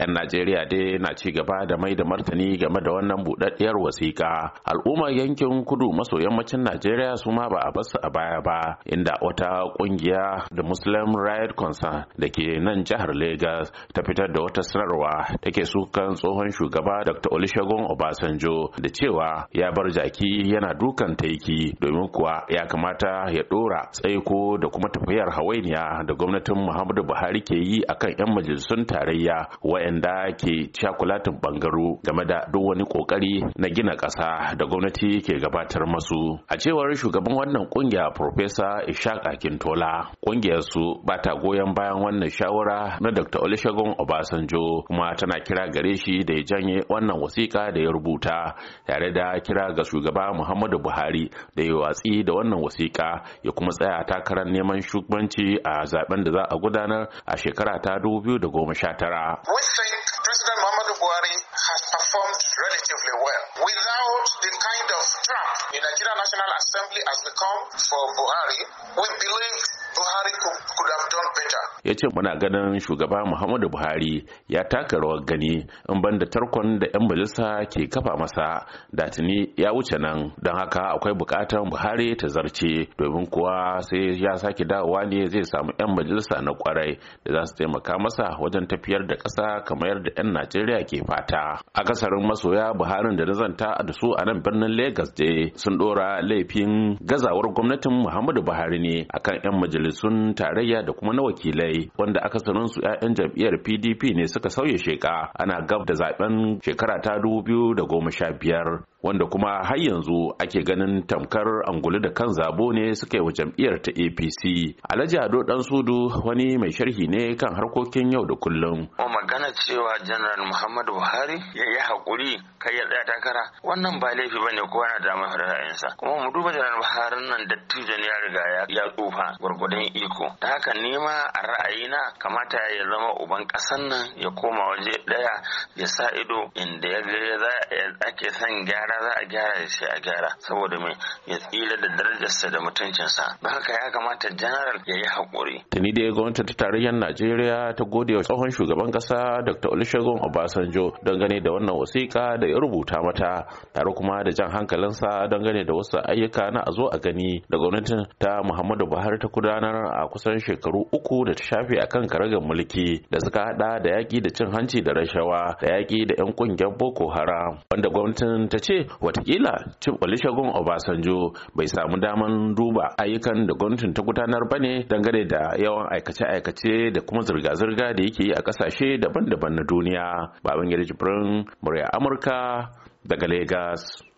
'yan najeriya dai na ci gaba da mai da martani game da wannan buɗaɗɗiyar wasiƙa al'ummar yankin kudu maso yammacin najeriya su ma ba a basu a baya ba inda wata ƙungiya da muslim right concern da ke nan jihar lagos ta fitar da wata sanarwa take sukan tsohon shugaba dr olusegun obasanjo da cewa ya bar jaki yana dukan taiki domin kuwa ya kamata ya ɗora tsaiko da kuma tafiyar hawainiya da gwamnatin muhammadu buhari ke yi akan 'yan majalisun tarayya waɗanda ke cakulatin bangaro game da duk wani ƙoƙari na gina ƙasa da gwamnati ke gabatar masu a cewar shugaban wannan ƙungiya Profesa Ishaq Akintola ƙungiyarsu su ba ta goyon bayan wannan shawara na Dr. Olusegun Obasanjo kuma tana kira gare shi da ya janye wannan wasiƙa da ya rubuta tare da kira ga shugaba Muhammadu Buhari da ya watsi da wannan wasiƙa ya kuma tsaya takarar neman shugabanci a zaben da za a gudanar a shekara ta tara. think President Muhammadu Buhari has performed relatively well. Without the kind of trap the Nigerian National Assembly has become for Buhari, we believe Buhari could, could ya ce muna ganin shugaba muhammadu buhari ya taka rawar gani in ban da tarkon da 'yan majalisa ke kafa masa da tuni ya wuce nan don haka akwai bukatar buhari ta zarce domin kuwa sai ya sake dawowa ne zai samu 'yan majalisa na kwarai da za su taimaka masa wajen tafiyar da kasa kamar yadda 'yan najeriya ke fata A kasarin masoya buharin da na zanta da su a nan birnin Legas dai sun dora laifin gazawar gwamnatin muhammadu buhari ne akan 'yan majalisun tarayya da kuma na wakilai wanda aka sanun su 'ya'yan jam'iyyar pdp ne suka sauya sheka ana gab da zaben shekara ta dubu biyu da goma sha biyar wanda kuma har yanzu ake ganin tamkar angulu da kan zabo ne suka yi wa jam'iyyar ta apc alhaji ado dan sudu wani mai sharhi ne kan harkokin yau da kullum magana cewa general muhammadu buhari ya yi hakuri kai ya tsaya takara wannan ba laifi ba ne kowa na da damar ra'ayinsa kuma mu duba general buhari nan da ne ya riga ya tsufa gwargwadon iko ta haka nema a ra'ayina kamata ya zama uban ƙasan nan ya koma waje ɗaya ya sa ido inda ya ga ake son gyara gyara za a gyara sai a gyara saboda mai ya tsira da darajarsa da mutuncinsa don haka ya kamata janaral ya yi haƙuri. tuni dai gwamnati ta tarayyar najeriya ta gode wa tsohon shugaban ƙasa dr olusegun obasanjo don gane da wannan wasiƙa da ya rubuta mata tare kuma da jan hankalinsa don gane da wasu ayyuka na a zo a gani da gwamnatin ta muhammadu buhari ta gudanar a kusan shekaru uku da ta shafe a kan karagar mulki da suka hada da yaƙi da cin hanci da rashawa da yaƙi da 'yan ƙungiyar boko haram wanda gwamnatin ta ce Wataƙila watakila cin olusegun obasanjo bai samu daman duba ayyukan da gwamnatin ta gudanar ba ne dangane da yawan aikace-aikace da kuma zirga-zirga da yake yi a kasashe daban-daban na duniya babangida jibrin murya amurka daga Legas.